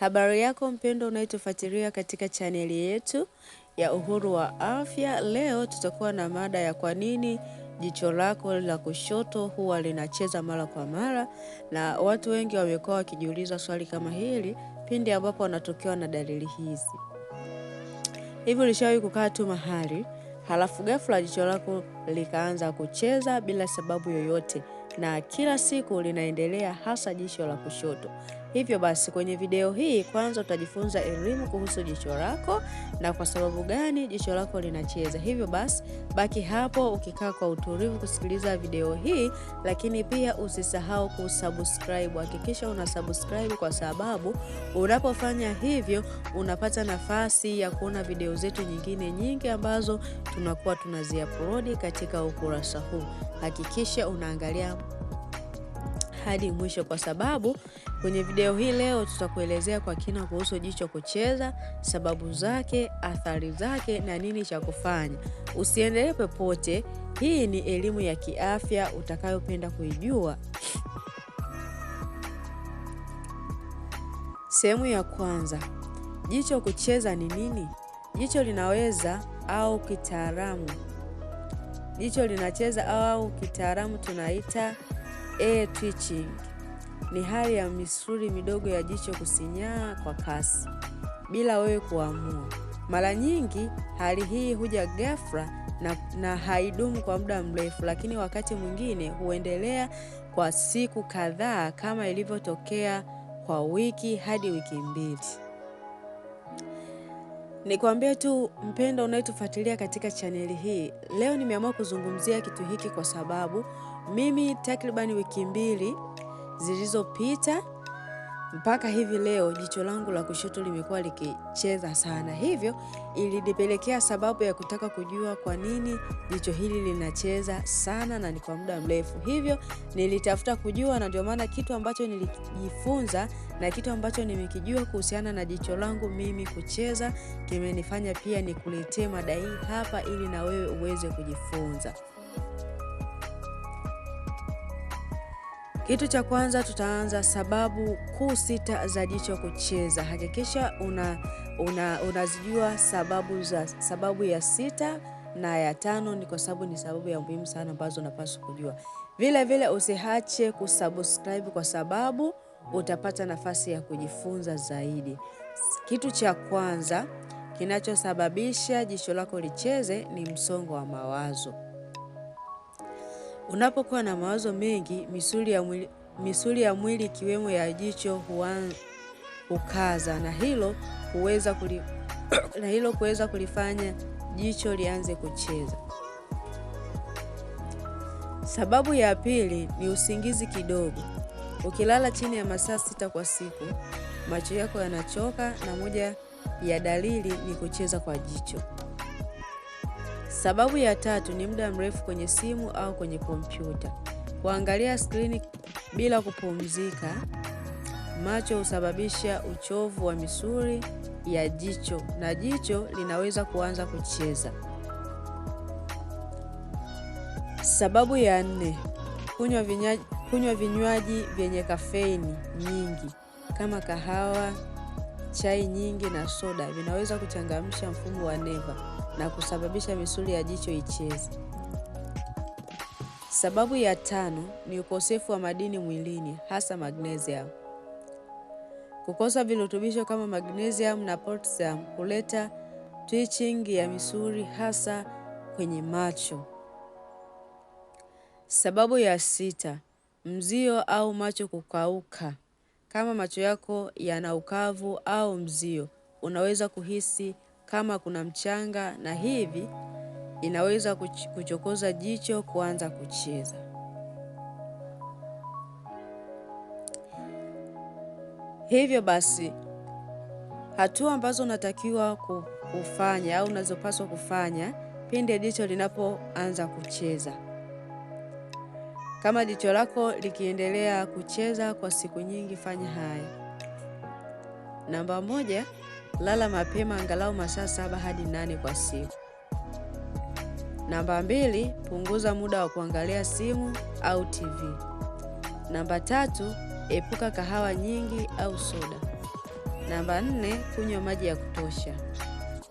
Habari yako mpendo unayetufuatilia katika chaneli yetu ya Uhuru wa Afya. Leo tutakuwa na mada ya kwa nini jicho lako la kushoto huwa linacheza mara kwa mara, na watu wengi wamekuwa wakijiuliza swali kama hili pindi ambapo wanatokewa na dalili hizi. Hivi ulishawahi kukaa tu mahali halafu ghafla jicho lako likaanza kucheza bila sababu yoyote, na kila siku linaendelea, hasa jicho la kushoto? Hivyo basi kwenye video hii kwanza utajifunza elimu kuhusu jicho lako na kwa sababu gani jicho lako linacheza. Hivyo basi baki hapo ukikaa kwa utulivu kusikiliza video hii, lakini pia usisahau kusubscribe. Hakikisha una subscribe kwa sababu unapofanya hivyo unapata nafasi ya kuona video zetu nyingine nyingi ambazo tunakuwa tunaziaplodi katika ukurasa huu. Hakikisha unaangalia hadi mwisho, kwa sababu kwenye video hii leo tutakuelezea kwa kina kuhusu jicho kucheza, sababu zake, athari zake na nini cha kufanya. Usiendelee popote, hii ni elimu ya kiafya utakayopenda kuijua. Sehemu ya kwanza, jicho kucheza ni nini? Jicho linaweza au kitaalamu, jicho linacheza au kitaalamu tunaita e eh, twitching ni hali ya misuli midogo ya jicho kusinyaa kwa kasi bila wewe kuamua. Mara nyingi hali hii huja ghafla na, na haidumu kwa muda mrefu, lakini wakati mwingine huendelea kwa siku kadhaa kama ilivyotokea kwa wiki hadi wiki mbili. Nikwambie tu mpendo unayetufuatilia katika chaneli hii, leo nimeamua kuzungumzia kitu hiki kwa sababu mimi takribani wiki mbili zilizopita mpaka hivi leo jicho langu la kushoto limekuwa likicheza sana, hivyo ilinipelekea sababu ya kutaka kujua kwa nini jicho hili linacheza sana na ni kwa muda mrefu. Hivyo nilitafuta kujua, na ndio maana kitu ambacho nilijifunza na kitu ambacho nimekijua kuhusiana na jicho langu mimi kucheza kimenifanya pia nikuletee mada hii hapa, ili na wewe uweze kujifunza. Kitu cha kwanza tutaanza sababu kuu sita za jicho kucheza. Hakikisha una, una, unazijua sababu za sababu ya sita na ya tano ni kwa sababu ni sababu ya muhimu sana ambazo unapaswa kujua. Vile vile usiache kusubscribe kwa sababu utapata nafasi ya kujifunza zaidi. Kitu cha kwanza kinachosababisha jicho lako licheze ni msongo wa mawazo. Unapokuwa na mawazo mengi, misuli ya mwili, misuli ya mwili ikiwemo ya jicho hukaza, na hilo huweza kuli, na hilo kuweza kulifanya jicho lianze kucheza. Sababu ya pili ni usingizi kidogo. Ukilala chini ya masaa sita kwa siku, macho yako yanachoka na moja ya dalili ni kucheza kwa jicho. Sababu ya tatu ni muda mrefu kwenye simu au kwenye kompyuta. Kuangalia skrini bila kupumzika, macho husababisha uchovu wa misuli ya jicho na jicho linaweza kuanza kucheza. Sababu ya nne, kunywa vinywaji vyenye kafeini nyingi kama kahawa, chai nyingi na soda vinaweza kuchangamsha mfumo wa neva na kusababisha misuli ya jicho icheze. Sababu ya tano ni ukosefu wa madini mwilini, hasa magnesium. Kukosa virutubisho kama magnesium na potassium huleta twitching ya misuli, hasa kwenye macho. Sababu ya sita, mzio au macho kukauka. Kama macho yako yana ukavu au mzio, unaweza kuhisi kama kuna mchanga, na hivi inaweza kuchokoza jicho kuanza kucheza. Hivyo basi, hatua ambazo unatakiwa kufanya au unazopaswa kufanya pindi jicho linapoanza kucheza. Kama jicho lako likiendelea kucheza kwa siku nyingi, fanya haya. Namba moja, lala mapema angalau masaa saba hadi nane kwa siku. Namba mbili, punguza muda wa kuangalia simu au TV. Namba tatu, epuka kahawa nyingi au soda. Namba nne, kunywa maji ya kutosha.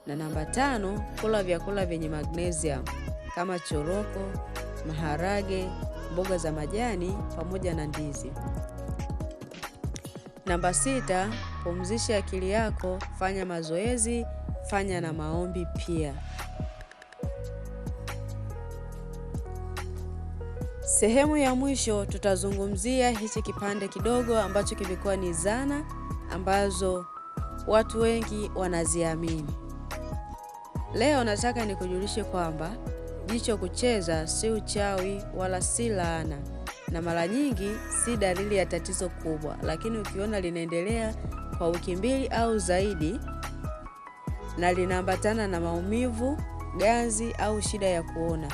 Na namba tano, kula vyakula vyenye magnesium kama choroko, maharage, mboga za majani pamoja na ndizi. Namba sita, pumzisha akili yako, fanya mazoezi, fanya na maombi pia. Sehemu ya mwisho tutazungumzia hichi kipande kidogo ambacho kimekuwa ni zana ambazo watu wengi wanaziamini. Leo nataka nikujulishe kwamba jicho kucheza si uchawi wala si laana, na mara nyingi si dalili ya tatizo kubwa, lakini ukiona linaendelea kwa wiki mbili au zaidi na linaambatana na maumivu, ganzi au shida ya kuona,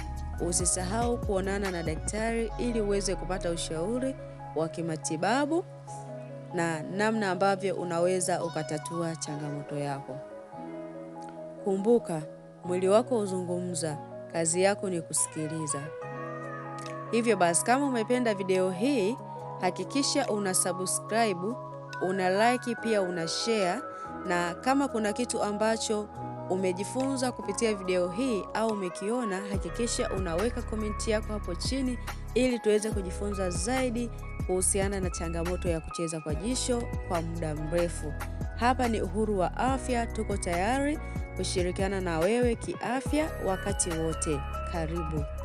usisahau kuonana na daktari ili uweze kupata ushauri wa kimatibabu na namna ambavyo unaweza ukatatua changamoto yako. Kumbuka, mwili wako huzungumza, kazi yako ni kusikiliza. Hivyo basi, kama umependa video hii, hakikisha una subscribe una like pia una share, na kama kuna kitu ambacho umejifunza kupitia video hii au umekiona, hakikisha unaweka komenti yako hapo chini ili tuweze kujifunza zaidi kuhusiana na changamoto ya kucheza kwa jisho kwa muda mrefu. Hapa ni Uhuru wa Afya, tuko tayari kushirikiana na wewe kiafya wakati wote. Karibu.